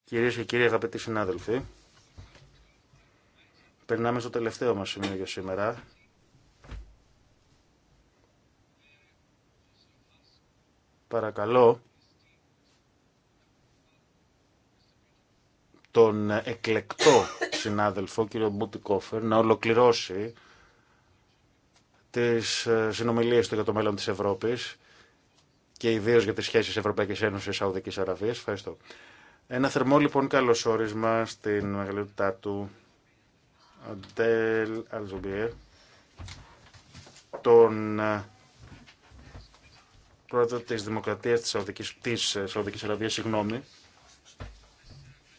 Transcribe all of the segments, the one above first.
Κυρίε και κύριοι αγαπητοί συνάδελφοι, περνάμε στο τελευταίο μας σημείο για σήμερα. Παρακαλώ τον εκλεκτό συνάδελφο, κύριο Μπουτικόφερ, να ολοκληρώσει τις ε, συνομιλίες του για το μέλλον της Ευρώπης και ιδίω για τι σχέσει Ευρωπαϊκή Ένωση-Σαουδική Αραβία. Ευχαριστώ. Ένα θερμό λοιπόν καλωσόρισμα στην μεγαλύτερά του Αντέλ Αλζουμπιέρ, τον ε, πρόεδρο τη Δημοκρατία τη Σαουδική ε, Αραβία, συγγνώμη,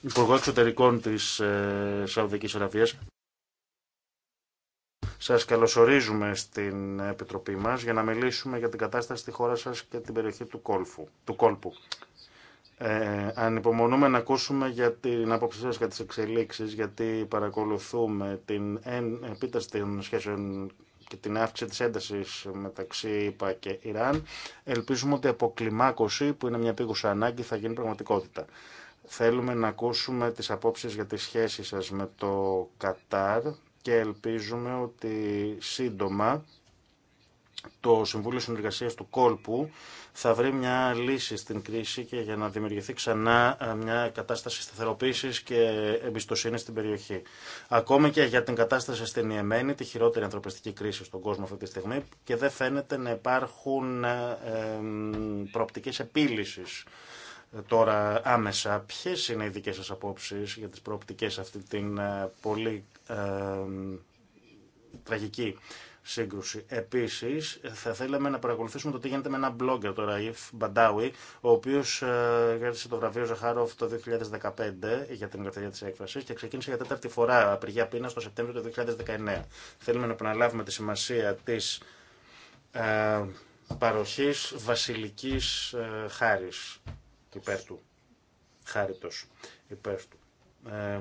υπουργό εξωτερικών της ε, Σαουδική Αραβία. Σας καλωσορίζουμε στην Επιτροπή μας για να μιλήσουμε για την κατάσταση στη χώρα σας και την περιοχή του, κόλφου, του κόλπου. Ε, ανυπομονούμε να ακούσουμε για την άποψή σας για τις εξελίξεις, γιατί παρακολουθούμε την επίταση των σχέσεων και την αύξηση της έντασης μεταξύ ΙΠΑ ΕΕ και Ιράν. Ελπίζουμε ότι η αποκλιμάκωση, που είναι μια πήγουσα ανάγκη, θα γίνει πραγματικότητα. Θέλουμε να ακούσουμε τις απόψεις για τις σχέσεις σας με το Κατάρ, και ελπίζουμε ότι σύντομα το Συμβούλιο Συνεργασίας του Κόλπου θα βρει μια λύση στην κρίση και για να δημιουργηθεί ξανά ε, μια κατάσταση σταθεροποίησης και εμπιστοσύνη στην περιοχή. Ακόμη και για την κατάσταση στην Ιεμένη, τη χειρότερη ανθρωπιστική κρίση στον κόσμο αυτή τη στιγμή και δεν φαίνεται να υπάρχουν ε, ε, προοπτικές επίλυσης τώρα άμεσα. Ποιες είναι οι δικές σας απόψεις για τις προοπτικές αυτή την ε, πολύ ε, τραγική σύγκρουση. Επίση, θα θέλαμε να παρακολουθήσουμε το τι γίνεται με ένα blogger τώρα, Ιφ Μπαντάουι, ο οποίο κέρδισε το βραβείο Ζαχάροφ το 2015 για την ελευθερία τη έκφραση και ξεκίνησε για τέταρτη φορά απεργία πείνα το Σεπτέμβριο του 2019. Θέλουμε να επαναλάβουμε τη σημασία τη ε, παροχή βασιλική ε, χάρη υπέρ του. Χάριτος, υπέρ του. Ε,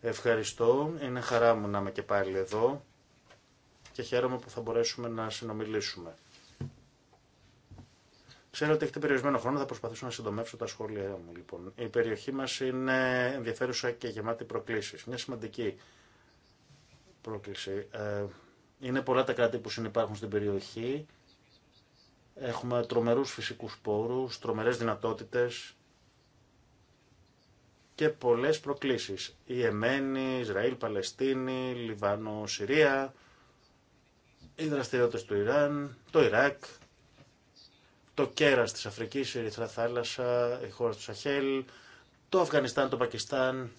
ευχαριστώ. Είναι χαρά μου να είμαι και πάλι εδώ και χαίρομαι που θα μπορέσουμε να συνομιλήσουμε. Ξέρω ότι έχετε περιορισμένο χρόνο, θα προσπαθήσω να συντομεύσω τα σχόλια μου. Λοιπόν. Η περιοχή μας είναι ενδιαφέρουσα και γεμάτη προκλήσεις. Μια σημαντική πρόκληση. Ε, είναι πολλά τα κράτη που συνεπάρχουν στην περιοχή Έχουμε τρομερούς φυσικούς πόρους, τρομερές δυνατότητες και πολλές προκλήσεις. Η Εμένη, Ισραήλ, Παλαιστίνη, Λιβάνο, Συρία, οι δραστηριότητες του Ιράν, το Ιράκ, το κέρας της Αφρικής, η Ερυθρά Θάλασσα, η χώρα του Σαχέλ, το Αφγανιστάν, το Πακιστάν,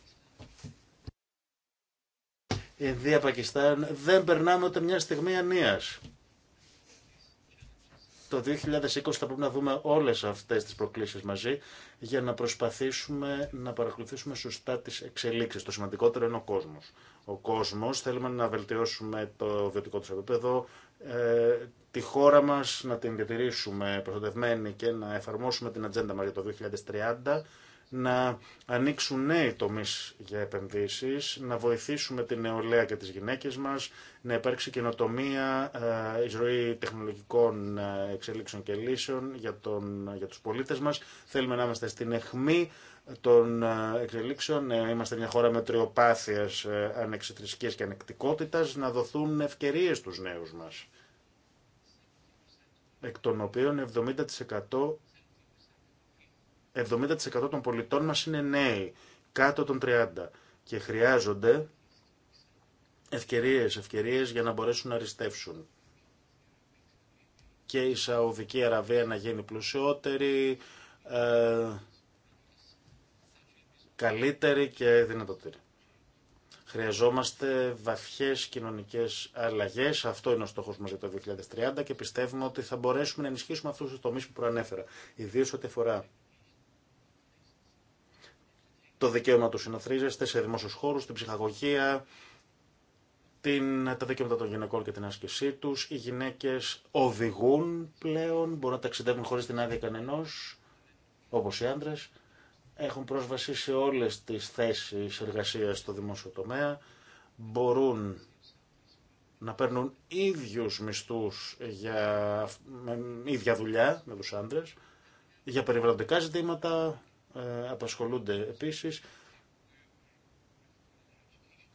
η Ινδία, Πακιστάν, δεν περνάμε ούτε μια στιγμή ανίας. Το 2020 θα πρέπει να δούμε όλες αυτές τις προκλήσεις μαζί για να προσπαθήσουμε να παρακολουθήσουμε σωστά τις εξελίξεις. Το σημαντικότερο είναι ο κόσμος. Ο κόσμος θέλουμε να βελτιώσουμε το βιωτικό του επίπεδο, ε, τη χώρα μας να την διατηρήσουμε προστατευμένη και να εφαρμόσουμε την ατζέντα μας για το 2030 να ανοίξουν νέοι τομεί για επενδύσει, να βοηθήσουμε την νεολαία και τι γυναίκε μα, να υπάρξει καινοτομία, εισρωή τεχνολογικών ε, εξελίξεων και λύσεων για, τον, για του πολίτε μα. Θέλουμε να είμαστε στην αιχμή των ε, εξελίξεων. Είμαστε μια χώρα με μετριοπάθεια, ε, ανεξιθρησκεία και ανεκτικότητα. Να δοθούν ευκαιρίε στου νέου μα εκ των οποίων 70% 70% των πολιτών μας είναι νέοι, κάτω των 30 και χρειάζονται ευκαιρίες, ευκαιρίες για να μπορέσουν να αριστεύσουν. Και η Σαουδική Αραβία να γίνει πλουσιότερη, ε, καλύτερη και δυνατότερη. Χρειαζόμαστε βαθιές κοινωνικές αλλαγές, αυτό είναι ο στόχος μας για το 2030 και πιστεύουμε ότι θα μπορέσουμε να ενισχύσουμε αυτούς τους τομείς που προανέφερα, ιδίως ό,τι αφορά το δικαίωμα του συναθρίζεστε σε δημόσιου χώρου, την ψυχαγωγία, την, τα δικαιώματα των γυναικών και την άσκησή του. Οι γυναίκε οδηγούν πλέον, μπορούν να ταξιδεύουν χωρί την άδεια κανενό, όπω οι άντρε. Έχουν πρόσβαση σε όλε τι θέσει εργασία στο δημόσιο τομέα. Μπορούν να παίρνουν ίδιους μισθούς για με, ίδια δουλειά με τους άντρες, για περιβαλλοντικά ζητήματα, ε, απασχολούνται επίσης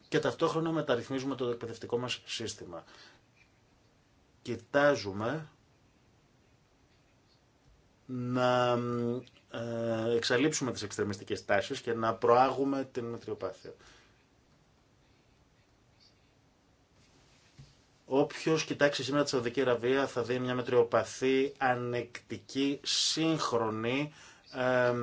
και ταυτόχρονα μεταρρυθμίζουμε το εκπαιδευτικό μας σύστημα. Κοιτάζουμε να ε, εξαλείψουμε τις εξτρεμιστικές τάσεις και να προάγουμε την μετριοπάθεια. Όποιο κοιτάξει σήμερα τη Σαουδική Αραβία θα δει μια μετριοπαθή, ανεκτική, σύγχρονη, ε,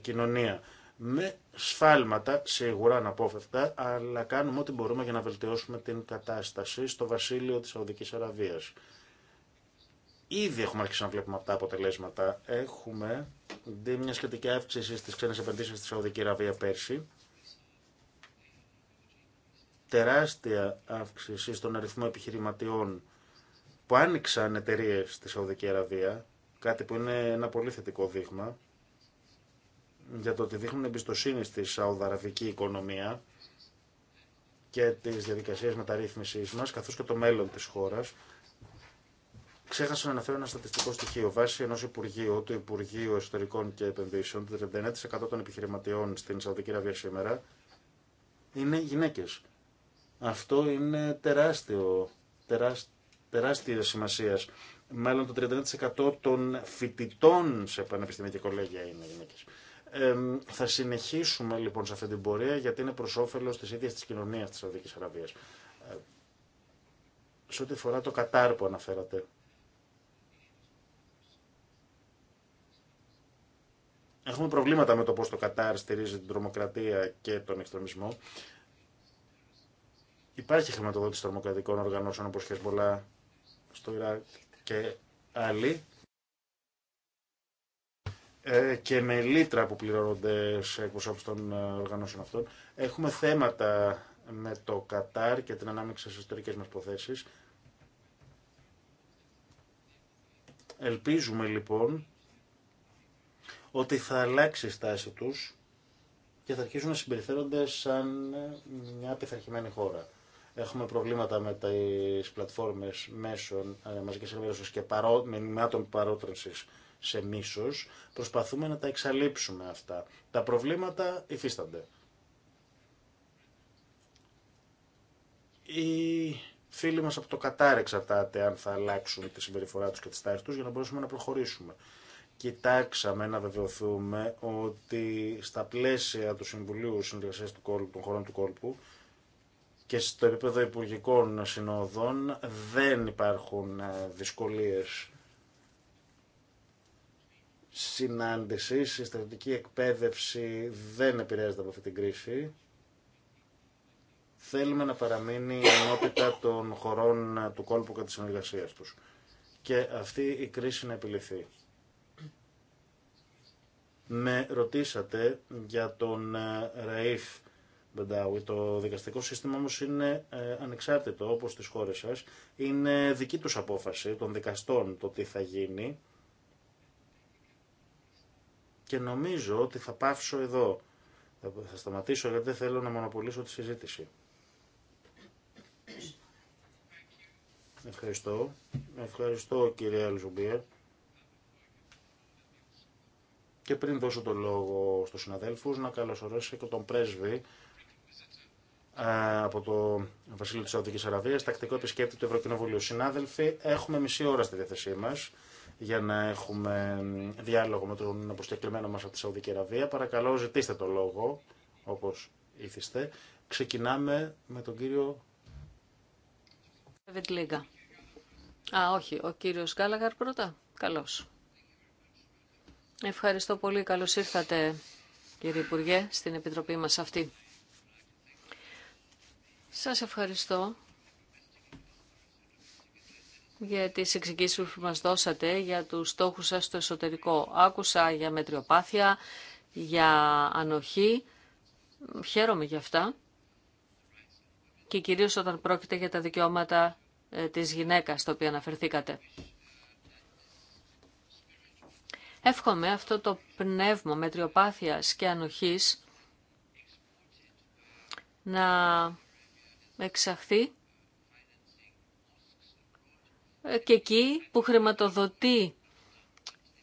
κοινωνία. Με σφάλματα, σίγουρα αναπόφευκτα, αλλά κάνουμε ό,τι μπορούμε για να βελτιώσουμε την κατάσταση στο βασίλειο της Σαουδικής Αραβίας. Ήδη έχουμε αρχίσει να βλέπουμε αυτά τα αποτελέσματα. Έχουμε δει μια σχετική αύξηση στις ξένες επενδύσεις στη Σαουδική Αραβία πέρσι. Τεράστια αύξηση στον αριθμό επιχειρηματιών που άνοιξαν εταιρείε στη Σαουδική Αραβία Κάτι που είναι ένα πολύ θετικό δείγμα για το ότι δείχνουν εμπιστοσύνη στη σαουδαραβική οικονομία και τις διαδικασίες μεταρρύθμισης μας, καθώς και το μέλλον της χώρας. Ξέχασα να αναφέρω ένα στατιστικό στοιχείο. Βάσει ενό Υπουργείου, του Υπουργείου Εσωτερικών και Επενδύσεων, το 39% των επιχειρηματιών στην Σαουδική Ραβία σήμερα είναι γυναίκε. Αυτό είναι τεράστιο, τεράσ, τεράστια σημασία μάλλον το 39% των φοιτητών σε πανεπιστημιακή κολέγια είναι γυναίκες. θα συνεχίσουμε λοιπόν σε αυτή την πορεία γιατί είναι προ όφελο τη ίδια τη κοινωνία τη Σαουδική Αραβία. Ε, σε ό,τι αφορά το Κατάρ που αναφέρατε. Έχουμε προβλήματα με το πώ το Κατάρ στηρίζει την τρομοκρατία και τον εξτρεμισμό. Υπάρχει χρηματοδότηση τρομοκρατικών οργανώσεων όπως Χεσμολά στο Ιράκ και άλλοι ε, και με λίτρα που πληρώνονται σε εκπροσώπους των ε, οργανώσεων αυτών. Έχουμε θέματα με το Κατάρ και την ανάμειξη στις ιστορικές μας προθέσεις. Ελπίζουμε λοιπόν ότι θα αλλάξει η στάση τους και θα αρχίσουν να συμπεριφέρονται σαν μια πειθαρχημένη χώρα. Έχουμε προβλήματα με τις πλατφόρμες μέσων ε, μαζικής ενημέρωσης και με άτομα παρότρινσης σε μίσος. Προσπαθούμε να τα εξαλείψουμε αυτά. Τα προβλήματα υφίστανται. Οι φίλοι μας από το Κατάρ εξαρτάται αν θα αλλάξουν τη συμπεριφορά τους και τις τάσεις τους για να μπορέσουμε να προχωρήσουμε. Κοιτάξαμε να βεβαιωθούμε ότι στα πλαίσια του Συμβουλίου Συνεργασίας του των χωρών του Κόλπου και στο επίπεδο υπουργικών συνόδων δεν υπάρχουν ε, δυσκολίες συνάντηση, η στρατηγική εκπαίδευση δεν επηρεάζεται από αυτή την κρίση. Θέλουμε να παραμείνει η ενότητα των χωρών ε, του κόλπου και τη συνεργασίας τους. Και αυτή η κρίση να επιληθεί. Με ρωτήσατε για τον ε, Ραΐφ Μπεντάουι. Το δικαστικό σύστημα όμω είναι ε, ανεξάρτητο όπω στι χώρε σα. Είναι δική του απόφαση των δικαστών το τι θα γίνει. Και νομίζω ότι θα πάψω εδώ. Θα σταματήσω γιατί δεν θέλω να μονοπολίσω τη συζήτηση. Ευχαριστώ. Ευχαριστώ κύριε Αλζουμπία. Και πριν δώσω το λόγο στους συναδέλφους, να καλωσορίσω και τον πρέσβη από το Βασίλειο τη Σαουδική Αραβία, τακτικό επισκέπτη του Ευρωκοινοβουλίου. Συνάδελφοι, έχουμε μισή ώρα στη διάθεσή μα για να έχουμε διάλογο με τον αποστεκλημένο μα από τη Σαουδική Αραβία. Παρακαλώ, ζητήστε το λόγο, όπω ήθιστε. Ξεκινάμε με τον κύριο. Βετλίγκα. Α, όχι, ο κύριος Γκάλαγαρ πρώτα. Καλώς. Ευχαριστώ πολύ. Καλώς ήρθατε, κύριε Υπουργέ, στην Επιτροπή μας αυτή. Σας ευχαριστώ για τις εξηγήσεις που μας δώσατε για τους στόχους σας στο εσωτερικό. Άκουσα για μετριοπάθεια, για ανοχή. Χαίρομαι για αυτά. Και κυρίως όταν πρόκειται για τα δικαιώματα ε, της γυναίκας, το οποίο αναφερθήκατε. Εύχομαι αυτό το πνεύμα μετριοπάθειας και ανοχής να εξαχθεί και εκεί που χρηματοδοτεί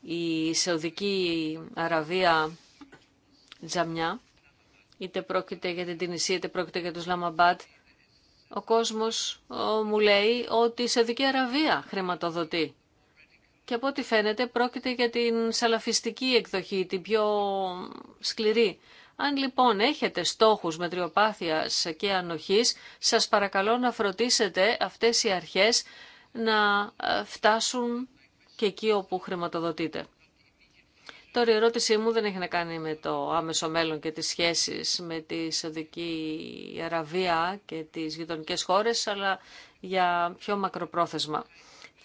η Σαουδική Αραβία τζαμιά, είτε πρόκειται για την Τινησία, είτε πρόκειται για τους Λαμαμπάτ, ο κόσμος ο, μου λέει ότι η Σαουδική Αραβία χρηματοδοτεί. Και από ό,τι φαίνεται πρόκειται για την σαλαφιστική εκδοχή, την πιο σκληρή. Αν λοιπόν έχετε στόχους μετριοπάθειας και ανοχής, σας παρακαλώ να φροντίσετε αυτές οι αρχές να ε, φτάσουν και εκεί όπου χρηματοδοτείτε. Τώρα η ερώτησή μου δεν έχει να κάνει με το άμεσο μέλλον και τις σχέσεις με τη Σαουδική Αραβία και τις γειτονικές χώρες, αλλά για πιο μακροπρόθεσμα.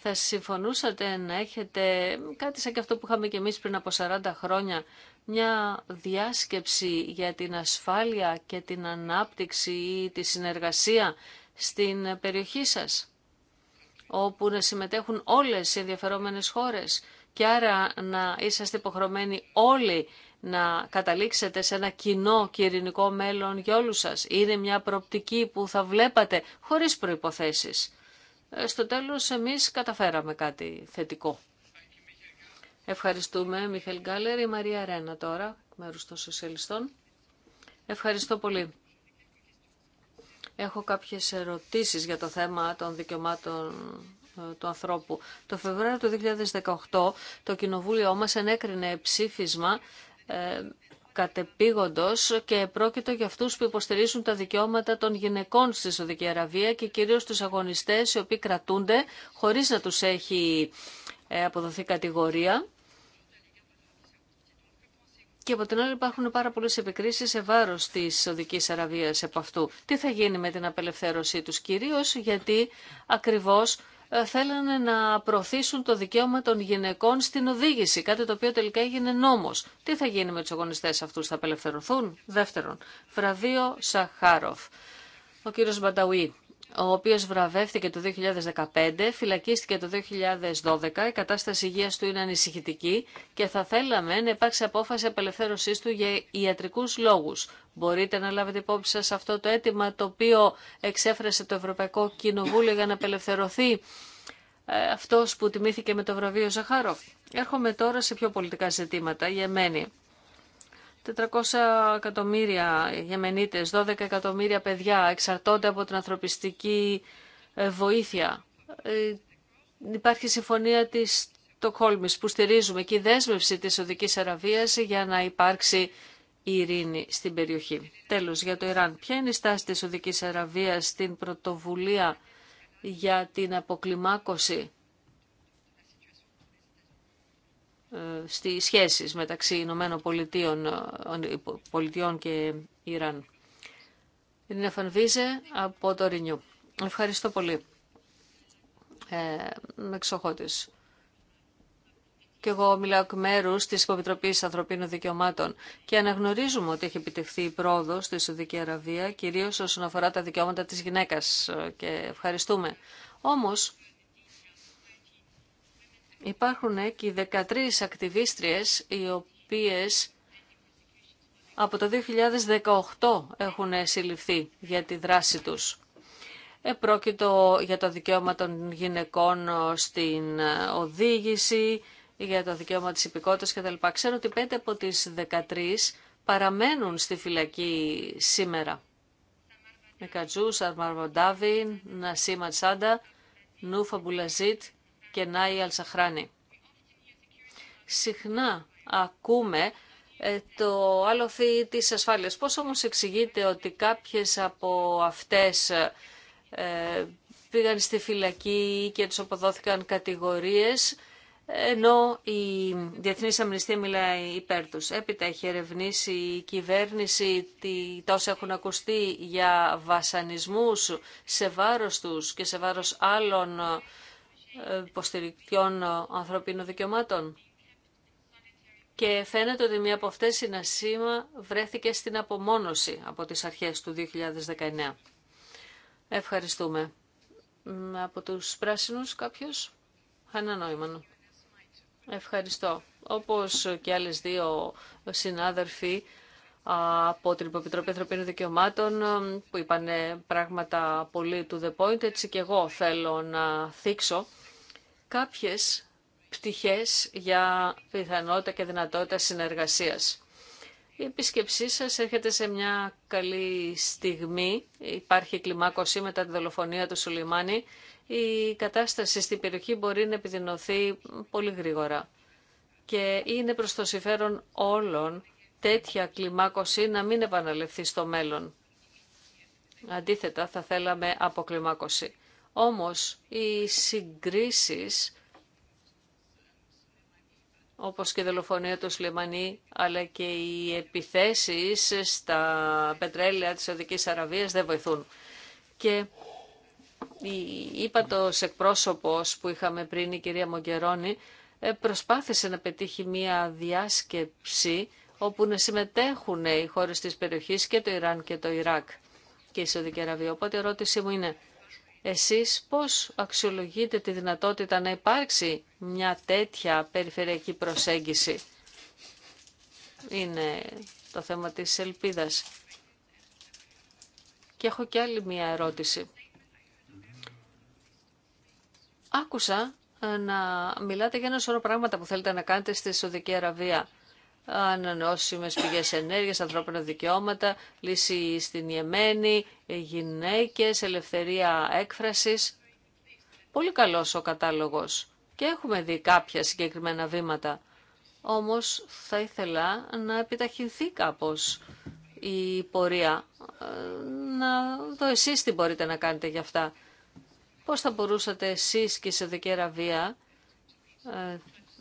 Θα συμφωνούσατε να έχετε κάτι σαν και αυτό που είχαμε και εμείς πριν από 40 χρόνια μια διάσκεψη για την ασφάλεια και την ανάπτυξη ή τη συνεργασία στην περιοχή σας, όπου να συμμετέχουν όλες οι ενδιαφερόμενες χώρες και άρα να είσαστε υποχρεωμένοι όλοι να καταλήξετε σε ένα κοινό και ειρηνικό μέλλον για όλους σας. Είναι μια προοπτική που θα βλέπατε χωρίς προϋποθέσεις. Ε, στο τέλος εμείς καταφέραμε κάτι θετικό. Ευχαριστούμε, Μιχαήλ Γκάλερ. Η Μαρία Ρένα τώρα, μέρους των Σοσιαλιστών. Ευχαριστώ πολύ. Έχω κάποιες ερωτήσεις για το θέμα των δικαιωμάτων ε, του ανθρώπου. Το Φεβρουάριο του 2018 το Κοινοβούλιο μας ενέκρινε ψήφισμα ε, κατεπήγοντος και πρόκειτο για αυτούς που υποστηρίζουν τα δικαιώματα των γυναικών στη Σαουδική Αραβία και κυρίως τους αγωνιστές οι οποίοι κρατούνται χωρίς να τους έχει ε, αποδοθεί κατηγορία και από την άλλη υπάρχουν πάρα πολλέ επικρίσει σε βάρος της Σαουδική Αραβίας από αυτού. Τι θα γίνει με την απελευθέρωσή τους κυρίω, γιατί ακριβώς ε, θέλανε να προωθήσουν το δικαίωμα των γυναικών στην οδήγηση, κάτι το οποίο τελικά έγινε νόμος. Τι θα γίνει με τους αγωνιστές αυτούς, θα απελευθερωθούν. Δεύτερον, βραβείο Σαχάροφ. Ο κύριο Μπανταουή ο οποίος βραβεύτηκε το 2015, φυλακίστηκε το 2012, η κατάσταση υγείας του είναι ανησυχητική και θα θέλαμε να υπάρξει απόφαση απελευθέρωσής του για ιατρικούς λόγους. Μπορείτε να λάβετε υπόψη σας αυτό το αίτημα το οποίο εξέφρασε το Ευρωπαϊκό Κοινοβούλιο για να απελευθερωθεί ε, αυτός που τιμήθηκε με το βραβείο Ζαχάροφ. Έρχομαι τώρα σε πιο πολιτικά ζητήματα, για 400 εκατομμύρια γεμενίτες, 12 εκατομμύρια παιδιά εξαρτώνται από την ανθρωπιστική ε, βοήθεια. Ε, υπάρχει συμφωνία της Τοκόλμης που στηρίζουμε και η δέσμευση της Οδικής Αραβίας για να υπάρξει η ειρήνη στην περιοχή. Τέλος, για το Ιράν. Ποια είναι η στάση της Οδικής Αραβίας στην πρωτοβουλία για την αποκλιμάκωση Ε, στις σχέσεις μεταξύ Ηνωμένων Πολιτείων, ε, Πολιτειών και Ιράν. Είναι Φανβίζε από το Ρινιού. Ευχαριστώ πολύ. Ε, με ξοχώτης. Και εγώ μιλάω εκ μέρου τη Υποπιτροπή Ανθρωπίνων Δικαιωμάτων και αναγνωρίζουμε ότι έχει επιτευχθεί η πρόοδο στη Σουδική Αραβία, κυρίω όσον αφορά τα δικαιώματα τη γυναίκα ε, και ευχαριστούμε. Όμω, Υπάρχουν και 13 ακτιβίστριες οι οποίες από το 2018 έχουν συλληφθεί για τη δράση τους. Επρόκειτο για το δικαίωμα των γυναικών ε, στην ε, οδήγηση, για το δικαίωμα της υπηκότητας κτλ. Ξέρω ότι 5 από τις 13 παραμένουν στη φυλακή σήμερα. Νεκατζού, Σαρμαρβοντάβιν, Νασίμα Τσάντα, Νούφα και η Αλσαχράνη. Συχνά ακούμε ε, το άλοθη της ασφάλειας. Πώς όμως εξηγείται ότι κάποιες από αυτές ε, πήγαν στη φυλακή και τους αποδόθηκαν κατηγορίες, ενώ η διεθνή Αμνηστία μιλάει υπέρ τους. Έπειτα έχει ερευνήσει η κυβέρνηση τι, τα όσα έχουν ακουστεί για βασανισμούς σε βάρος τους και σε βάρος άλλων υποστηρικτών ε, ανθρωπίνων δικαιωμάτων. Και φαίνεται ότι μία από αυτές νασίμα βρέθηκε στην απομόνωση από τις αρχές του 2019. Ευχαριστούμε. Από τους πράσινους κάποιος. Χάνα νόημα. Ναι. Ευχαριστώ. Όπως και άλλες δύο συνάδελφοι από την Υποπιτροπή Ανθρωπίνων Δικαιωμάτων ε, που είπαν πράγματα πολύ του The Point, έτσι και εγώ θέλω να θίξω κάποιες πτυχές για πιθανότητα και δυνατότητα συνεργασίας. Η επίσκεψή σας έρχεται σε μια καλή στιγμή. Υπάρχει κλιμάκωση μετά τη δολοφονία του Σουλημάνη. Η κατάσταση στην περιοχή μπορεί να επιδεινωθεί πολύ γρήγορα. Και είναι προς το συμφέρον όλων τέτοια κλιμάκωση να μην επαναληφθεί στο μέλλον. Αντίθετα, θα θέλαμε αποκλιμάκωση. Όμως οι συγκρίσεις, όπως και η δολοφονία του Σλεμανί, αλλά και οι επιθέσεις στα πετρέλαια της οδικής Αραβίας δεν βοηθούν. Και είπα το εκπρόσωπος που είχαμε πριν, η κυρία Μογκερόνη, ε, προσπάθησε να πετύχει μία διάσκεψη όπου να συμμετέχουν οι χώρες της περιοχής και το Ιράν και το Ιράκ και η Σαουδική Αραβία. Οπότε η ερώτησή μου είναι, εσείς πώς αξιολογείτε τη δυνατότητα να υπάρξει μια τέτοια περιφερειακή προσέγγιση. Είναι το θέμα της ελπίδας. Και έχω και άλλη μία ερώτηση. Άκουσα να μιλάτε για ένα σωρό πράγματα που θέλετε να κάνετε στη Σουδική Αραβία ανανεώσιμες πηγές ενέργειας, ανθρώπινα δικαιώματα, λύση στην Ιεμένη, γυναίκες, ελευθερία έκφρασης. Πολύ καλός ο κατάλογος και έχουμε δει κάποια συγκεκριμένα βήματα. Όμως θα ήθελα να επιταχυνθεί κάπως η πορεία. Να δω εσείς τι μπορείτε να κάνετε για αυτά. Πώς θα μπορούσατε εσείς και σε Σαουδική βία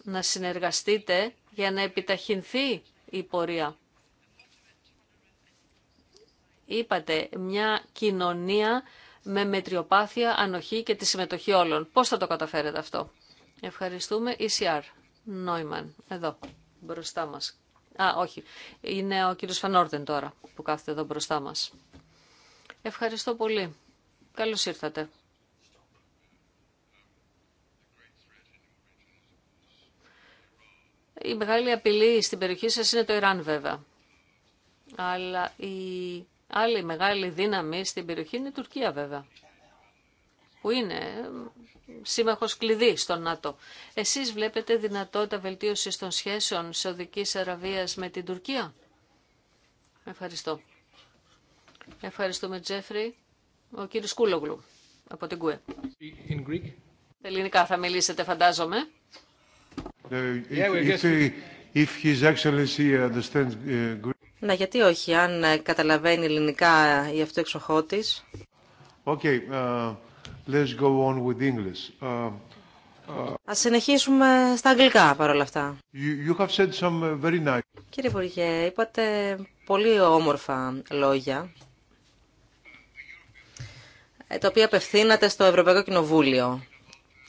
να συνεργαστείτε για να επιταχυνθεί η πορεία. Είπατε, μια κοινωνία με μετριοπάθεια, ανοχή και τη συμμετοχή όλων. Πώς θα το καταφέρετε αυτό. Ευχαριστούμε. ECR. Νόιμαν. Εδώ. Μπροστά μας. Α, όχι. Είναι ο κύριος Φανόρδεν τώρα που κάθεται εδώ μπροστά μας. Ευχαριστώ πολύ. Καλώς ήρθατε. Η μεγάλη απειλή στην περιοχή σας είναι το Ιράν βέβαια. Αλλά η άλλη μεγάλη δύναμη στην περιοχή είναι η Τουρκία βέβαια. Που είναι σύμμαχος κλειδί στο ΝΑΤΟ. Εσείς βλέπετε δυνατότητα βελτίωσης των σχέσεων Σαουδικής Αραβίας με την Τουρκία. Ευχαριστώ. Ευχαριστούμε Τζέφρι. Ο κύριος Κούλογλου από την ΚΟΕ. Ελληνικά θα μιλήσετε φαντάζομαι. Ε, ε, Να γιατί όχι, αν ε, καταλαβαίνει ελληνικά η αυτό Okay, let's go on with English. Ας συνεχίσουμε στα αγγλικά παρόλα αυτά. You, have said some very nice. Κύριε Υπουργέ, είπατε πολύ όμορφα λόγια, τα οποία απευθύνατε στο Ευρωπαϊκό Κοινοβούλιο.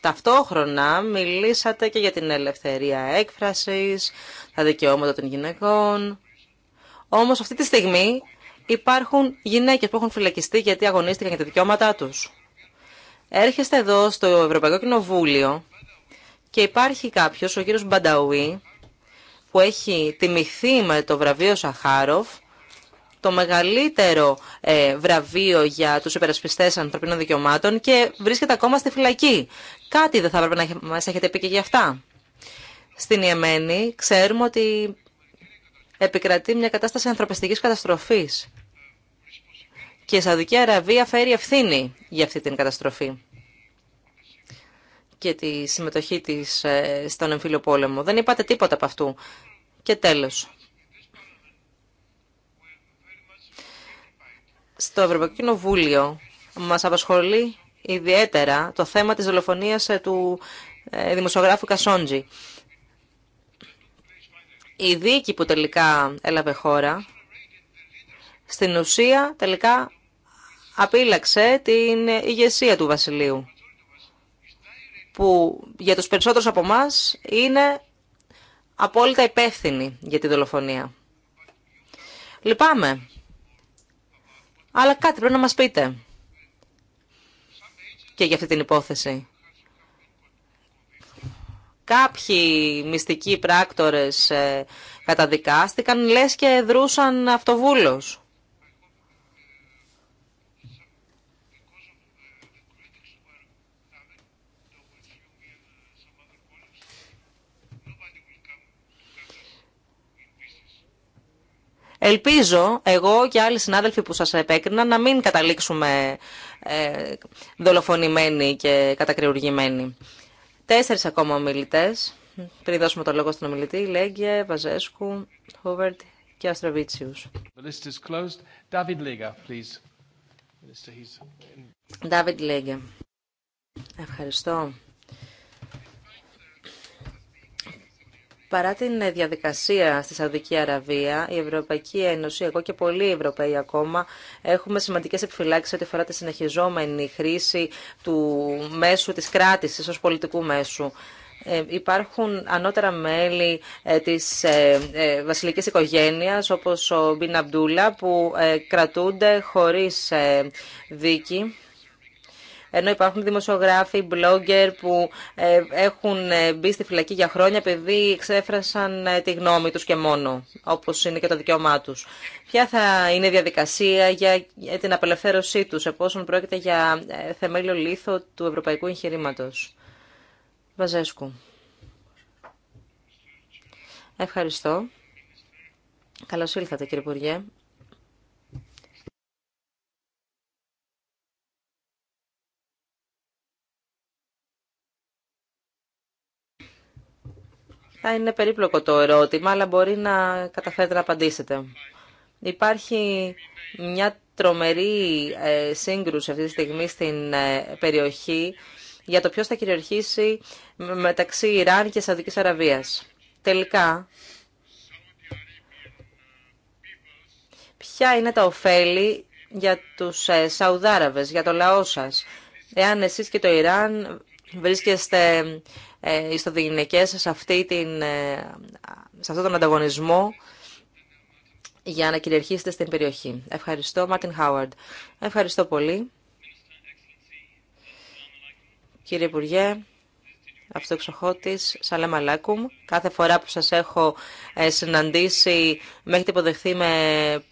Ταυτόχρονα μιλήσατε και για την ελευθερία έκφρασης, τα δικαιώματα των γυναικών. Όμως αυτή τη στιγμή υπάρχουν γυναίκες που έχουν φυλακιστεί γιατί αγωνίστηκαν για τα δικαιώματά τους. Έρχεστε εδώ στο Ευρωπαϊκό Κοινοβούλιο και υπάρχει κάποιος, ο κύριος Μπανταουή, που έχει τιμηθεί με το βραβείο Σαχάροφ το μεγαλύτερο ε, βραβείο για τους υπερασπιστές ανθρωπίνων δικαιωμάτων και βρίσκεται ακόμα στη φυλακή. Κάτι δεν θα έπρεπε να μας έχετε πει και για αυτά. Στην Ιεμένη ξέρουμε ότι επικρατεί μια κατάσταση ανθρωπιστικής καταστροφής και η Σαουδική Αραβία φέρει ευθύνη για αυτή την καταστροφή και τη συμμετοχή της ε, στον εμφύλιο πόλεμο. Δεν είπατε τίποτα από αυτού. Και τέλος. στο Ευρωπαϊκό Κοινοβούλιο μας απασχολεί ιδιαίτερα το θέμα της δολοφονίας ε, του ε, δημοσιογράφου Κασόντζη. Η δίκη που τελικά έλαβε χώρα, στην ουσία τελικά απείλαξε την ηγεσία του βασιλείου, που για τους περισσότερους από εμά είναι απόλυτα υπεύθυνη για τη δολοφονία. Λυπάμαι αλλά κάτι πρέπει να μας πείτε. Και για αυτή την υπόθεση. Κάποιοι μυστικοί πράκτορες ε, καταδικάστηκαν, λες και δρούσαν αυτοβούλος. Ελπίζω εγώ και άλλοι συνάδελφοι που σας επέκριναν να μην καταλήξουμε ε, δολοφονημένοι και κατακριουργημένοι. Τέσσερις ακόμα ομιλητές. Πριν δώσουμε το λόγο στον ομιλητή, Λέγκε, Βαζέσκου, Χούβερτ και Αστροβίτσιους. David Ευχαριστώ. Παρά την ε, διαδικασία στη Σαουδική Αραβία, η Ευρωπαϊκή Ένωση, εγώ και πολλοί Ευρωπαίοι ακόμα, έχουμε σημαντικές επιφυλάξεις ό,τι αφορά τη συνεχιζόμενη χρήση του μέσου της κράτησης ως πολιτικού μέσου. Ε, υπάρχουν ανώτερα μέλη ε, της βασιλικής οικογένειας, όπως ο Μπιν Αμπτούλα, που κρατούνται χωρίς δίκη ενώ υπάρχουν δημοσιογράφοι, blogger που ε, έχουν ε, μπει στη φυλακή για χρόνια επειδή εξέφρασαν ε, τη γνώμη τους και μόνο, όπως είναι και το δικαίωμά τους. Ποια θα είναι η διαδικασία για την απελευθέρωσή τους, εφόσον πρόκειται για θεμέλιο λίθο του ευρωπαϊκού εγχειρήματο. Βαζέσκου. Ευχαριστώ. Καλώς ήλθατε κύριε Υπουργέ. είναι περίπλοκο το ερώτημα, αλλά μπορεί να καταφέρετε να απαντήσετε. Υπάρχει μια τρομερή ε, σύγκρουση αυτή τη στιγμή στην ε, περιοχή για το ποιος θα κυριαρχήσει μεταξύ Ιράν και Σαουδικής Αραβίας. Τελικά, ποια είναι τα ωφέλη για τους ε, Σαουδάραβες, για το λαό σας, εάν εσείς και το Ιράν βρίσκεστε ε, στο διγυναικέ αυτή την, ε, σε αυτόν τον ανταγωνισμό για να κυριαρχήσετε στην περιοχή. Ευχαριστώ, Μάρτιν Χάουαρντ. Ευχαριστώ πολύ. Κύριε Υπουργέ, Αυτοξοχώτης, Αλέκουμ. Κάθε φορά που σας έχω ε, συναντήσει, με έχετε υποδεχθεί με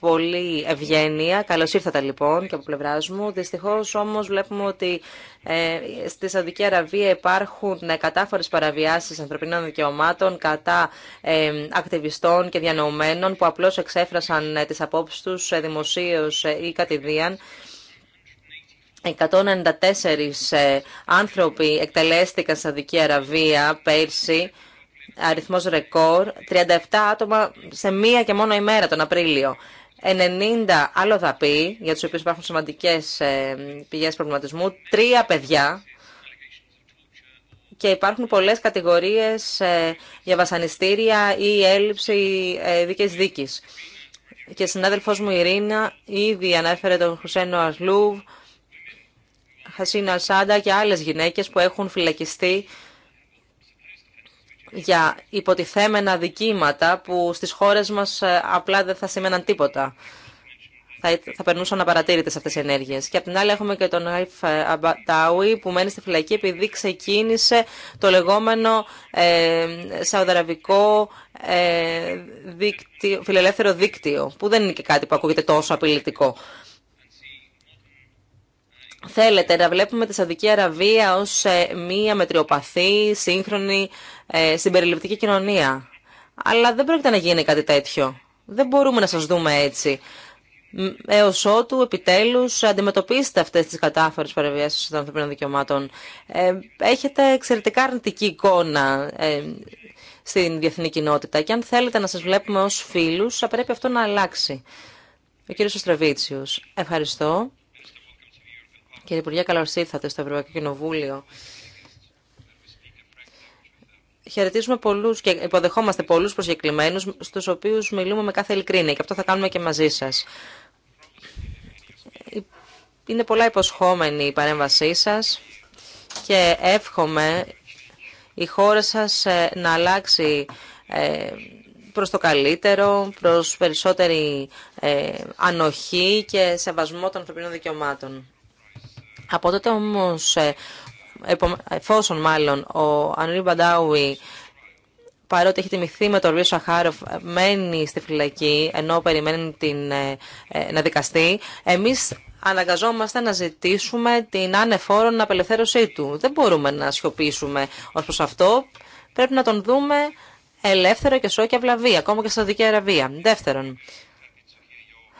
πολύ ευγένεια. Καλώς ήρθατε λοιπόν και από πλευρά μου. Δυστυχώς όμως βλέπουμε ότι ε, στη Σαουδική Αραβία υπάρχουν ε, κατάφορες παραβιάσεις ανθρωπινών δικαιωμάτων κατά ε, ακτιβιστών και διανοωμένων που απλώς εξέφρασαν τις απόψεις τους δημοσίως ή κατηδίαν. 194 ε, άνθρωποι εκτελέστηκαν στα Δική Αραβία πέρσι, αριθμός ρεκόρ, 37 άτομα σε μία και μόνο ημέρα τον Απρίλιο. 90 άλλο θα πει, για τους οποίους υπάρχουν σημαντικές ε, πηγές προβληματισμού, τρία παιδιά και υπάρχουν πολλές κατηγορίες ε, για βασανιστήρια ή έλλειψη δίκαιης δίκης. Και συνάδελφός μου η Ρίνα, ήδη ανέφερε τον Χουσένο Ασλούβ, Χασίνα Σάντα και άλλες γυναίκες που έχουν φυλακιστεί για υποτιθέμενα δικήματα που στις χώρες μας ε, απλά δεν θα σημαίναν τίποτα. Θα, θα περνούσαν απαρατήρητες αυτές οι ενέργειες. Και από την άλλη έχουμε και τον Αϊφ ε, Αμπατάουι που μένει στη φυλακή επειδή ξεκίνησε το λεγόμενο ε, σαουδαραβικό ε, δίκτυο, φιλελεύθερο δίκτυο που δεν είναι και κάτι που ακούγεται τόσο απειλητικό θέλετε να βλέπουμε τη Σαουδική Αραβία ως ε, μία μετριοπαθή, σύγχρονη, ε, συμπεριληπτική κοινωνία. Αλλά δεν πρόκειται να γίνει κάτι τέτοιο. Δεν μπορούμε να σας δούμε έτσι. Έω ότου επιτέλου, αντιμετωπίσετε αυτέ τι κατάφορε παρεμβιάσεις των ανθρωπίνων δικαιωμάτων. Ε, έχετε εξαιρετικά αρνητική εικόνα στην διεθνή κοινότητα και αν θέλετε να σα βλέπουμε ω φίλου, θα πρέπει αυτό να αλλάξει. Ο κύριος Στραβίτσιος. ευχαριστώ. Κύριε Υπουργέ, καλώ ήρθατε στο Ευρωπαϊκό Κοινοβούλιο. Χαιρετίζουμε πολλού και υποδεχόμαστε πολλού προσκεκλημένου, στου οποίου μιλούμε με κάθε ειλικρίνεια και αυτό θα κάνουμε και μαζί σα. Είναι πολλά υποσχόμενη η παρέμβασή σα και εύχομαι η χώρα σα ε, να αλλάξει ε, προς το καλύτερο, προς περισσότερη ε, ανοχή και σεβασμό των ανθρωπινών δικαιωμάτων. Από τότε όμως, ε, εφόσον μάλλον ο Ανρί Μπαντάουι παρότι έχει τιμηθεί με τον Ρίο Σαχάροφ, μένει στη φυλακή ενώ περιμένει την, ε, ε, να δικαστεί. Εμείς αναγκαζόμαστε να ζητήσουμε την ανεφόρον απελευθέρωσή του. Δεν μπορούμε να σιωπήσουμε ως προς αυτό. Πρέπει να τον δούμε ελεύθερο και σώκια βλαβή, ακόμα και στα δική Αραβία. Δεύτερον,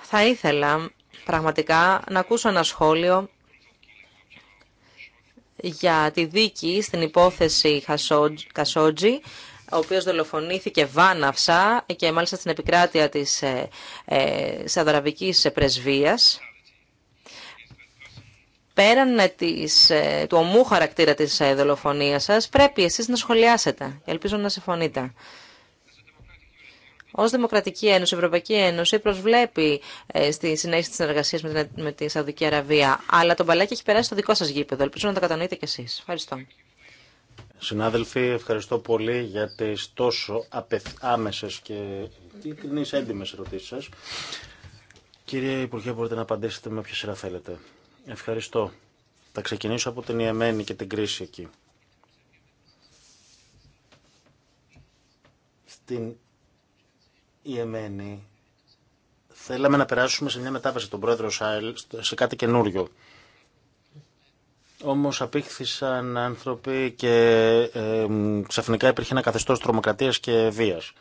θα ήθελα πραγματικά να ακούσω ένα σχόλιο για τη δίκη στην υπόθεση Κασότζη, ο οποίος δολοφονήθηκε βάναυσα και μάλιστα στην επικράτεια της ε, ε, Πρεσβείας. Πέραν ε, της, ε, του ομού χαρακτήρα της ε, δολοφονίας σας, πρέπει εσείς να σχολιάσετε. Ελπίζω να συμφωνείτε. Ω Δημοκρατική Ένωση, η Ευρωπαϊκή Ένωση προσβλέπει ε, στη συνέχιση τη συνεργασία με, με τη Σαουδική Αραβία. Αλλά το μπαλάκι έχει περάσει στο δικό σα γήπεδο. Ελπίζω να το κατανοείτε κι εσεί. Ευχαριστώ. Συνάδελφοι, ευχαριστώ πολύ για τι τόσο απεθ... άμεσε και ειλικρινεί έντιμε ερωτήσει σα. Κύριε Υπουργέ, μπορείτε να απαντήσετε με όποια σειρά θέλετε. Ευχαριστώ. Θα ξεκινήσω από την Ιεμένη και την κρίση εκεί. Στην οι θέλαμε να περάσουμε σε μια μετάβαση τον πρόεδρο Σάιλ σε κάτι καινούριο. Όμως απήχθησαν άνθρωποι και ε, ξαφνικά υπήρχε ένα καθεστώς τρομοκρατία και βίας.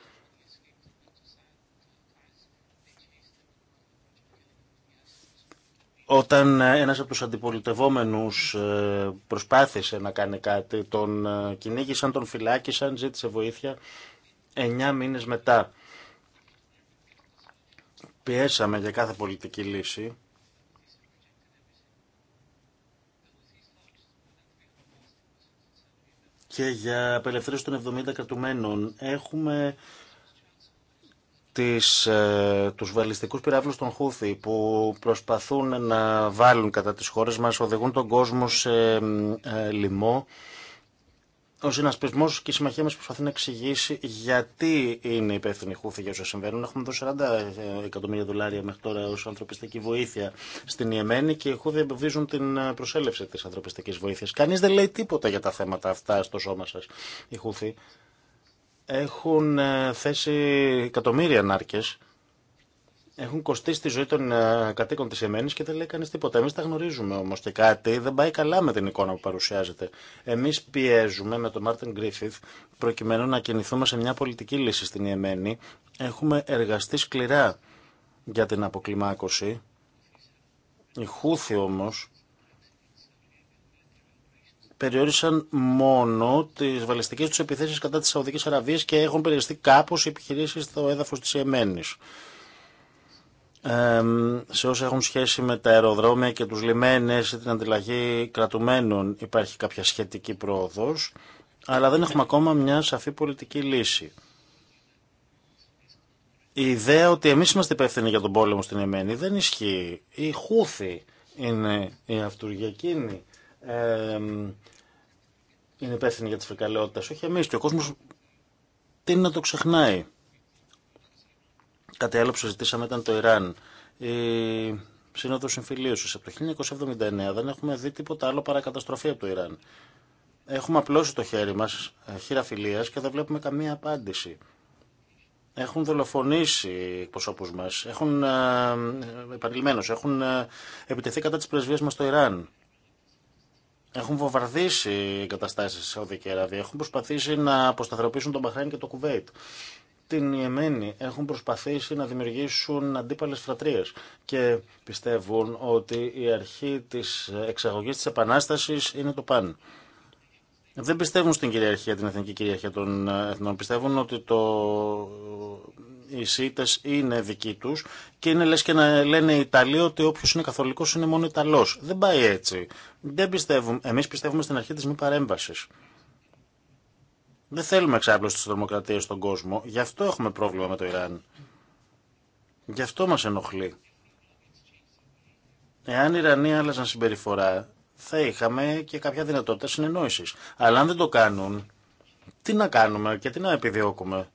Όταν ένας από τους αντιπολιτευόμενους ε, προσπάθησε να κάνει κάτι, τον ε, κυνήγησαν, τον φυλάκισαν, ζήτησε βοήθεια εννιά μήνες μετά. Πιέσαμε για κάθε πολιτική λύση. Και για απελευθέρωση των 70 κρατουμένων έχουμε τις, ε, τους βαλιστικούς πυράβλους των Χούθη που προσπαθούν να βάλουν κατά τις χώρες μας, οδηγούν τον κόσμο σε ε, λοιμό ο συνασπισμό και η συμμαχία μα προσπαθεί να εξηγήσει γιατί είναι υπεύθυνοι οι Χούθη για όσα συμβαίνουν. Έχουμε δώσει 40 ε, εκατομμύρια δολάρια μέχρι τώρα ω ανθρωπιστική βοήθεια στην Ιεμένη και οι Χούθη εμποδίζουν την ε, προσέλευση τη ανθρωπιστική βοήθεια. Κανεί δεν λέει τίποτα για τα θέματα αυτά στο σώμα σα, οι Χούθη. Έχουν ε, θέσει εκατομμύρια ανάρκε έχουν κοστίσει τη ζωή των ε, κατοίκων τη Εμένη και δεν λέει κανεί τίποτα. Εμεί τα γνωρίζουμε όμω και κάτι δεν πάει καλά με την εικόνα που παρουσιάζεται. Εμεί πιέζουμε με τον Μάρτιν Γκρίφιθ προκειμένου να κινηθούμε σε μια πολιτική λύση στην Εμένη. Έχουμε εργαστεί σκληρά για την αποκλιμάκωση. Οι Χούθοι όμω περιόρισαν μόνο τι βαλιστικέ του επιθέσει κατά τη Σαουδική Αραβία και έχουν περιοριστεί κάπω οι επιχειρήσει στο έδαφο τη Εμένη σε όσα έχουν σχέση με τα αεροδρόμια και τους λιμένες ή την αντιλαγή κρατουμένων υπάρχει κάποια σχετική πρόοδος, αλλά δεν έχουμε ακόμα μια σαφή πολιτική λύση. Η ιδέα ότι εμείς είμαστε υπεύθυνοι για τον πόλεμο στην Εμένη δεν ισχύει. Η Χούθη είναι η αυτουργιακίνη ε, είναι υπεύθυνη για τις φρικαλαιότητες, όχι εμείς και ο κόσμος τι να το ξεχνάει. Κάτι άλλο που συζητήσαμε ήταν το Ιράν. Η Σύνοδο Συμφιλίωση Από το 1979 δεν έχουμε δει τίποτα άλλο παρά καταστροφή από το Ιράν. Έχουμε απλώσει το χέρι μα ε, χείρα φιλία και δεν βλέπουμε καμία απάντηση. Έχουν δολοφονήσει οι μα. Έχουν, ε, επανειλημμένω έχουν ε, επιτεθεί κατά τη πρεσβείες μα στο Ιράν. Έχουν βομβαρδίσει εγκαταστάσει στη Σαουδική Αραβία. Έχουν προσπαθήσει να αποσταθεροποιήσουν τον Μπαχρέν και το Κουβέιτ την Ιεμένη έχουν προσπαθήσει να δημιουργήσουν αντίπαλες φρατρίες και πιστεύουν ότι η αρχή της εξαγωγής της επανάστασης είναι το παν. Δεν πιστεύουν στην κυριαρχία, την εθνική κυριαρχία των εθνών. Πιστεύουν ότι το... οι ΣΥΤΕΣ είναι δικοί τους και είναι λες και να λένε οι Ιταλοί ότι όποιος είναι καθολικός είναι μόνο Ιταλός. Δεν πάει έτσι. Δεν πιστεύουμε. Εμείς πιστεύουμε στην αρχή της μη παρέμβασης. Δεν θέλουμε εξάπλωση τη τρομοκρατία στον κόσμο. Γι' αυτό έχουμε πρόβλημα με το Ιράν. Γι' αυτό μα ενοχλεί. Εάν οι Ιρανοί άλλαζαν συμπεριφορά, θα είχαμε και κάποια δυνατότητα συνεννόηση. Αλλά αν δεν το κάνουν, τι να κάνουμε και τι να επιδιώκουμε.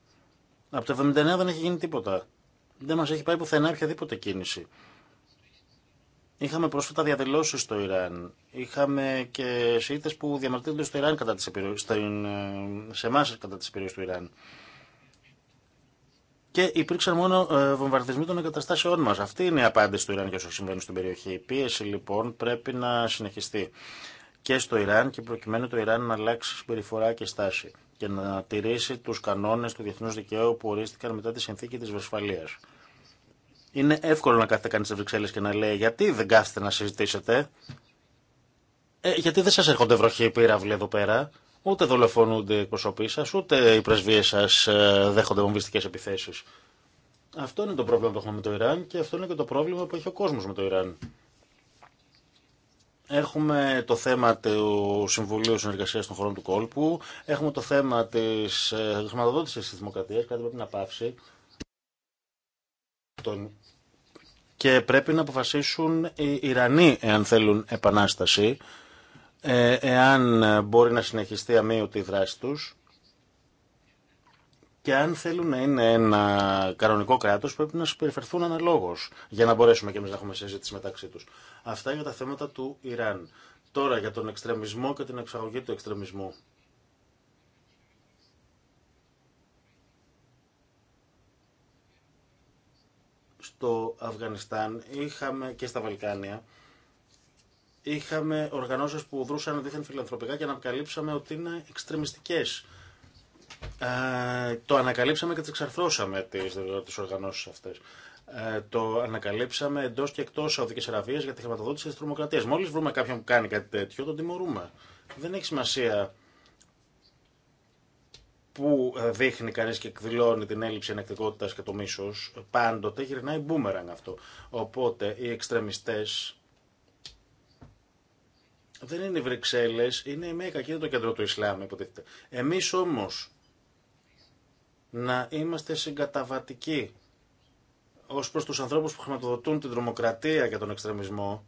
Από το 79 δεν έχει γίνει τίποτα. Δεν μα έχει πάει πουθενά οποιαδήποτε κίνηση. Είχαμε πρόσφατα διαδηλώσει στο Ιράν. Είχαμε και Σιήτες που διαμαρτύρονται στο Ιράν κατά τις ε, σε εμά κατά τις επιρροές του Ιράν. Και υπήρξαν μόνο ε, βομβαρδισμοί των εγκαταστάσεών μα. Αυτή είναι η απάντηση του Ιράν για όσο συμβαίνει στην περιοχή. Η πίεση λοιπόν πρέπει να συνεχιστεί και στο Ιράν και προκειμένου το Ιράν να αλλάξει συμπεριφορά και στάση και να τηρήσει τους κανόνες του διεθνούς δικαίου που ορίστηκαν μετά τη συνθήκη της Βεσφαλίας. Είναι εύκολο να κάθεται κανεί στι Βρυξέλλε και να λέει γιατί δεν κάθετε να συζητήσετε. Ε, γιατί δεν σα έρχονται βροχή πύραυλοι εδώ πέρα. Ούτε δολοφονούνται οι εκπροσωποί σα, ούτε οι πρεσβείε σα ε, δέχονται βομβιστικέ επιθέσει. Αυτό είναι το πρόβλημα που έχουμε με το Ιράν και αυτό είναι και το πρόβλημα που έχει ο κόσμο με το Ιράν. Έχουμε το θέμα του Συμβουλίου Συνεργασία των Χωρών του Κόλπου. Έχουμε το θέμα τη ε, χρηματοδότηση τη Δημοκρατία, κάτι πρέπει να πάψει τον... και πρέπει να αποφασίσουν οι Ιρανοί εάν θέλουν επανάσταση, ε, εάν μπορεί να συνεχιστεί αμύωτη η δράση τους και αν θέλουν να είναι ένα κανονικό κράτος πρέπει να συμπεριφερθούν αναλόγως για να μπορέσουμε και εμείς να έχουμε συζήτηση μεταξύ τους Αυτά για τα θέματα του Ιράν. Τώρα για τον εξτρεμισμό και την εξαγωγή του εξτρεμισμού. Το Αφγανιστάν είχαμε, και στα Βαλκάνια, είχαμε οργανώσεις που δρούσαν δίθεν φιλανθρωπικά και ανακαλύψαμε ότι είναι εξτρεμιστικές. Ε, το ανακαλύψαμε και τις εξαρθρώσαμε τις, τις οργανώσεις αυτές. Ε, το ανακαλύψαμε εντό και εκτό Σαουδική Αραβία για τη χρηματοδότηση τη τρομοκρατία. Μόλι βρούμε κάποιον που κάνει κάτι τέτοιο, τον τιμωρούμε. Δεν έχει σημασία που ε, δείχνει κανείς και εκδηλώνει την έλλειψη ανεκτικότητας και το μίσος, πάντοτε γυρνάει μπούμεραν αυτό. Οπότε οι εξτρεμιστές δεν είναι οι Βρυξέλλες, είναι η Μέκα και είναι το κέντρο του Ισλάμ, υποτίθεται. Εμείς όμως να είμαστε συγκαταβατικοί ως προς τους ανθρώπους που χρηματοδοτούν την τρομοκρατία για τον εξτρεμισμό,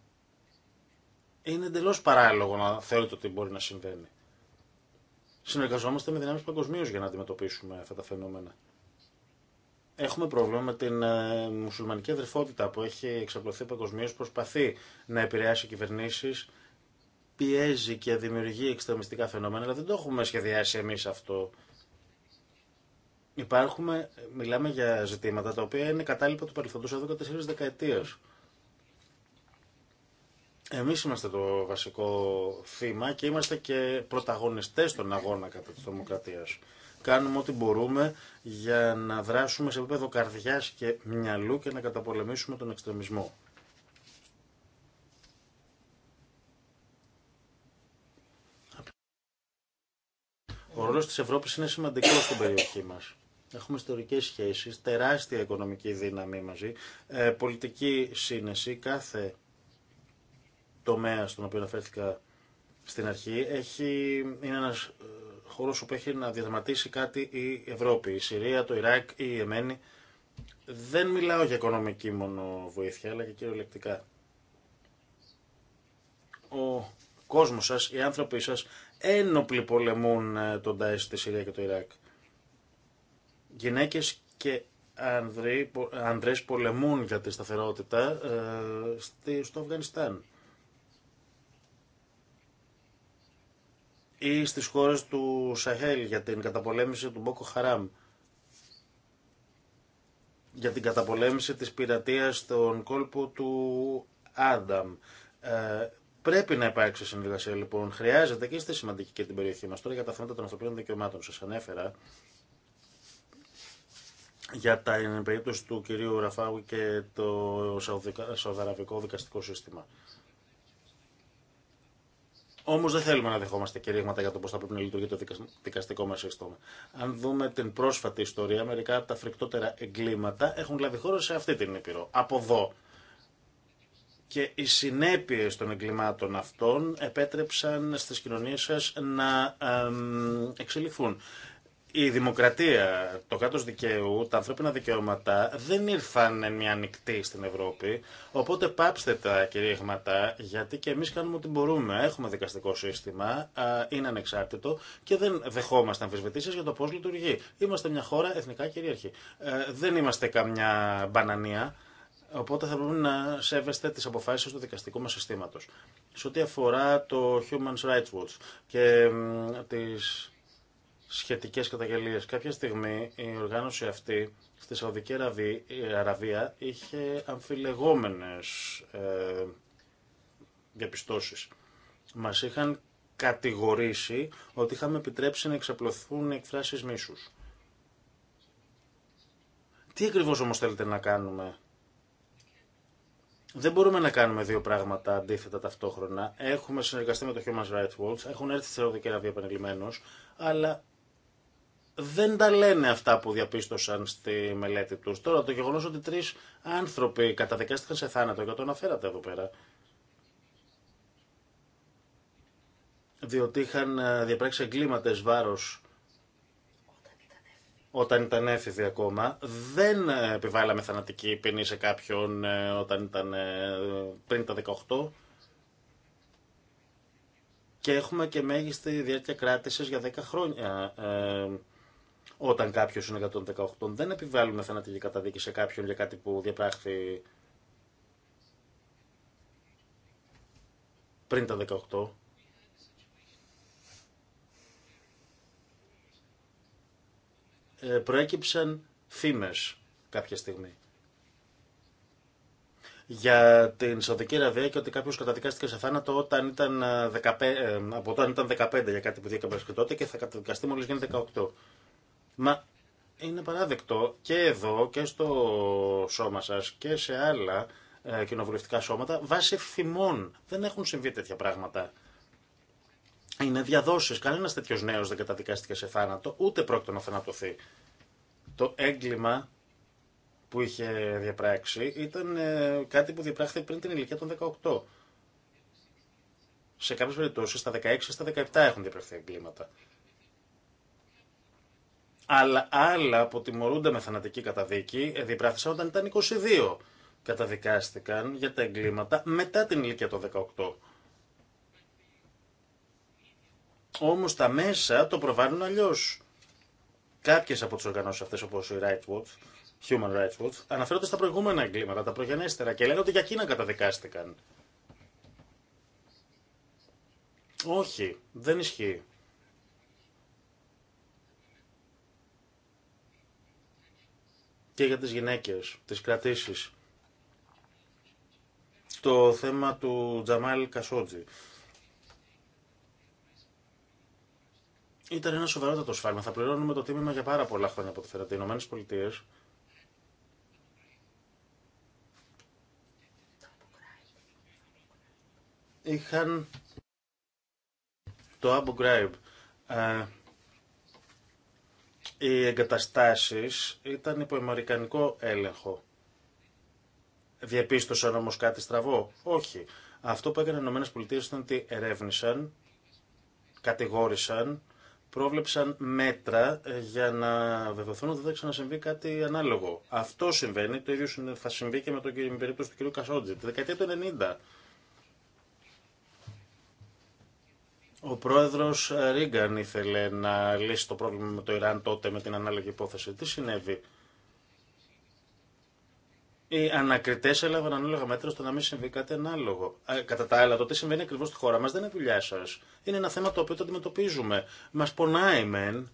είναι εντελώς παράλογο να θεωρείτε ότι μπορεί να συμβαίνει συνεργαζόμαστε με δυνάμεις παγκοσμίω για να αντιμετωπίσουμε αυτά τα φαινόμενα. Έχουμε πρόβλημα με την ε, μουσουλμανική αδερφότητα που έχει εξαπλωθεί παγκοσμίω, προσπαθεί να επηρεάσει κυβερνήσει, πιέζει και δημιουργεί εξτρεμιστικά φαινόμενα, αλλά δεν το έχουμε σχεδιάσει εμεί αυτό. Υπάρχουμε, μιλάμε για ζητήματα τα οποία είναι κατάλοιπα του παρελθόντο εδώ και τέσσερι εμείς είμαστε το βασικό θύμα και είμαστε και πρωταγωνιστές στον αγώνα κατά της δημοκρατίας. Κάνουμε ό,τι μπορούμε για να δράσουμε σε επίπεδο καρδιάς και μυαλού και να καταπολεμήσουμε τον εξτρεμισμό. Ο ρόλος της Ευρώπης είναι σημαντικό στην περιοχή μας. Έχουμε ιστορικέ σχέσει, τεράστια οικονομική δύναμη μαζί, ε, πολιτική σύνεση. Κάθε τομέα στον οποίο αναφέρθηκα στην αρχή έχει, είναι ένας ε, χώρο που έχει να διαδραματίσει κάτι η Ευρώπη, η Συρία, το Ιράκ ή η εμενη Δεν μιλάω για οικονομική μόνο βοήθεια, αλλά και κυριολεκτικά. Ο κόσμος σας, οι άνθρωποι σας, ένοπλοι πολεμούν ε, τον Ταϊς στη Συρία και το Ιράκ. Γυναίκες και άνδρες πολεμούν για τη σταθερότητα ε, στο Αφγανιστάν. ή στις χώρες του Σαχέλ για την καταπολέμηση του Μπόκο Χαράμ για την καταπολέμηση της πειρατείας στον κόλπο του Άνταμ. Ε, πρέπει να υπάρξει συνεργασία λοιπόν. Χρειάζεται και στη σημαντική και την περιοχή μας. Τώρα για τα θέματα των ανθρωπίνων δικαιωμάτων σας ανέφερα για τα περίπτωση του κυρίου Ραφάου και το Σαουδαραβικό δικαστικό σύστημα. Όμω δεν θέλουμε να δεχόμαστε κηρύγματα για το πώ θα πρέπει να λειτουργεί το δικαστικό μα σύστημα. Αν δούμε την πρόσφατη ιστορία, μερικά από τα φρικτότερα εγκλήματα έχουν λάβει χώρο σε αυτή την Ήπειρο. Από εδώ. Και οι συνέπειε των εγκλημάτων αυτών επέτρεψαν στι κοινωνίε σα να εξελιχθούν η δημοκρατία, το κράτο δικαίου, τα ανθρώπινα δικαιώματα δεν ήρθαν μια ανοιχτή στην Ευρώπη. Οπότε πάψτε τα κηρύγματα, γιατί και εμεί κάνουμε ό,τι μπορούμε. Έχουμε δικαστικό σύστημα, είναι ανεξάρτητο και δεν δεχόμαστε αμφισβητήσει για το πώ λειτουργεί. Είμαστε μια χώρα εθνικά κυρίαρχη. Ε, δεν είμαστε καμιά μπανανία. Οπότε θα πρέπει να σέβεστε τι αποφάσει του δικαστικού μα συστήματο. Σε ό,τι αφορά το Human Rights Watch και τι σχετικές καταγγελίες. Κάποια στιγμή η οργάνωση αυτή στη Σαουδική Αραβία είχε αμφιλεγόμενες ε, διαπιστώσεις. Μας είχαν κατηγορήσει ότι είχαμε επιτρέψει να εξαπλωθούν εκφράσεις μίσους. Τι ακριβώς όμως θέλετε να κάνουμε. Δεν μπορούμε να κάνουμε δύο πράγματα αντίθετα ταυτόχρονα. Έχουμε συνεργαστεί με το Human Rights Watch, έχουν έρθει στη Σαουδική Αραβία επανειλημμένως, αλλά δεν τα λένε αυτά που διαπίστωσαν στη μελέτη τους. Τώρα το γεγονός ότι τρεις άνθρωποι καταδικάστηκαν σε θάνατο, και το αναφέρατε εδώ πέρα, διότι είχαν ε, διαπράξει εγκλήματες βάρος όταν ήταν έφηβοι ακόμα, δεν ε, επιβάλαμε θανατική ποινή σε κάποιον ε, όταν ήταν πριν τα 18 και έχουμε και μέγιστη διάρκεια κράτησης για 10 χρόνια όταν κάποιο είναι 118. Δεν επιβάλλουν θανατική καταδίκη σε κάποιον για κάτι που διαπράχθη πριν τα 18. Ε, προέκυψαν φήμες κάποια στιγμή για την Σαουδική Αραβία και ότι κάποιο καταδικάστηκε σε θάνατο όταν ήταν 15, ε, ε, από όταν ήταν 15 για κάτι που διέκαμπε τότε και θα καταδικαστεί μόλις γίνει 18. Μα είναι παράδεκτο και εδώ και στο σώμα σας και σε άλλα ε, κοινοβουλευτικά σώματα βάσει θυμών Δεν έχουν συμβεί τέτοια πράγματα. Είναι διαδόσεις. Κανένα τέτοιο νέος δεν καταδικάστηκε σε θάνατο, ούτε πρόκειται να θανατωθεί. Το έγκλημα που είχε διαπράξει ήταν ε, κάτι που διαπράχθηκε πριν την ηλικία των 18. Σε κάποιε περιπτώσει, στα 16 στα 17 έχουν διαπραχθεί εγκλήματα. Αλλά άλλα που τιμωρούνται με θανατική καταδίκη ε, διπράθησαν όταν ήταν 22. Καταδικάστηκαν για τα εγκλήματα μετά την ηλικία των 18. Όμως τα μέσα το προβάλλουν αλλιώς. Κάποιες από τις οργανώσεις αυτές όπως η Rights Watch, Human Rights Watch, αναφέρονται στα προηγούμενα εγκλήματα, τα προγενέστερα και λένε ότι για εκείνα καταδικάστηκαν. Όχι, δεν ισχύει. και για τις γυναίκες, τις κρατήσεις. Το θέμα του Τζαμάλ Κασότζη. Ήταν ένα σοβαρότατο σφάλμα. Θα πληρώνουμε το τίμημα για πάρα πολλά χρόνια από τη θεωρία. Οι Ηνωμένε Πολιτείε είχαν το Abu Ghraib ε, οι εγκαταστάσεις ήταν υπό αμερικανικό έλεγχο. Διαπίστωσαν όμως κάτι στραβό. Όχι. Αυτό που έκαναν οι ΗΠΑ ήταν ότι ερεύνησαν, κατηγόρησαν, πρόβλεψαν μέτρα ε, για να βεβαιωθούν ότι δεν θα ξανασυμβεί κάτι ανάλογο. Αυτό συμβαίνει, το ίδιο θα συμβεί και με το περίπτωση του κ. Κασόντζη. Τη δεκαετία του 90 Ο πρόεδρο Ρίγκαν ήθελε να λύσει το πρόβλημα με το Ιράν τότε με την ανάλογη υπόθεση. Τι συνέβη. Οι ανακριτέ έλαβαν ανάλογα μέτρα ώστε να μην συμβεί κάτι ανάλογο. Ε, κατά τα άλλα, το τι συμβαίνει ακριβώ στη χώρα μα δεν είναι δουλειά σα. Είναι ένα θέμα το οποίο το αντιμετωπίζουμε. Μα πονάει μεν.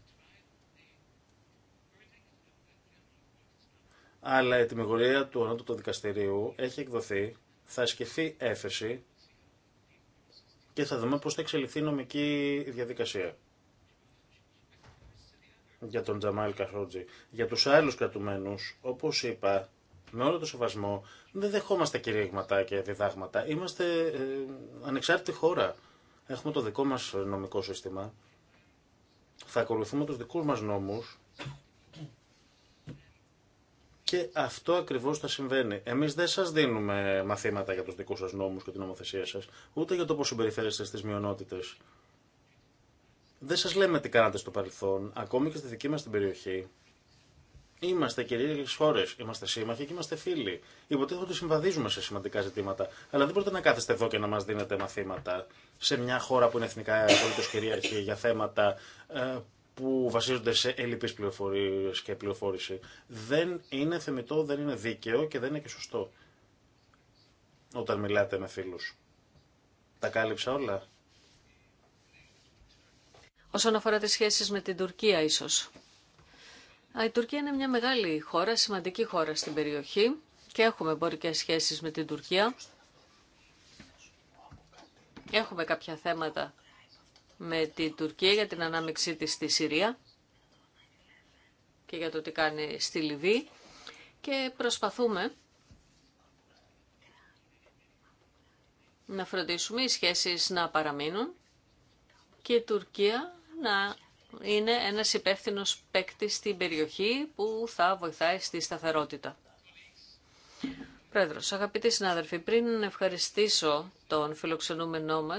Αλλά η τιμιγορία του ανώτατου δικαστηρίου έχει εκδοθεί, θα ασκηθεί έφεση και θα δούμε πώς θα εξελιχθεί η νομική διαδικασία. Για τον Τζαμάλ Καχρότζη. Για τους άλλους κρατουμένους, όπως είπα, με όλο το σεβασμό, δεν δεχόμαστε κηρύγματα και διδάγματα. Είμαστε ε, ανεξάρτητη χώρα. Έχουμε το δικό μας νομικό σύστημα. Θα ακολουθούμε τους δικούς μας νόμους και αυτό ακριβώ θα συμβαίνει. Εμεί δεν σα δίνουμε μαθήματα για του δικού σα νόμου και την νομοθεσία σα, ούτε για το πώ συμπεριφέρεστε στι μειονότητε. Δεν σα λέμε τι κάνατε στο παρελθόν, ακόμη και στη δική μα την περιοχή. Είμαστε κυρίε χώρε, είμαστε σύμμαχοι και είμαστε φίλοι. Υποτίθεται ότι συμβαδίζουμε σε σημαντικά ζητήματα. Αλλά δεν μπορείτε να κάθεστε εδώ και να μα δίνετε μαθήματα σε μια χώρα που είναι εθνικά απολύτω κυρίαρχη για θέματα ε, που βασίζονται σε ελλειπείς πληροφορίες και πληροφόρηση δεν είναι θεμητό, δεν είναι δίκαιο και δεν είναι και σωστό όταν μιλάτε με φίλους. Τα κάλυψα όλα. Όσον αφορά τις σχέσεις με την Τουρκία ίσως. η Τουρκία είναι μια μεγάλη χώρα, σημαντική χώρα στην περιοχή και έχουμε εμπορικές σχέσεις με την Τουρκία. Έχουμε κάποια θέματα με την Τουρκία για την ανάμειξή της στη Συρία και για το τι κάνει στη Λιβύη και προσπαθούμε να φροντίσουμε οι σχέσεις να παραμείνουν και η Τουρκία να είναι ένας υπεύθυνο παίκτη στην περιοχή που θα βοηθάει στη σταθερότητα. Πρόεδρος, αγαπητοί συνάδελφοι, πριν ευχαριστήσω τον φιλοξενούμενό μας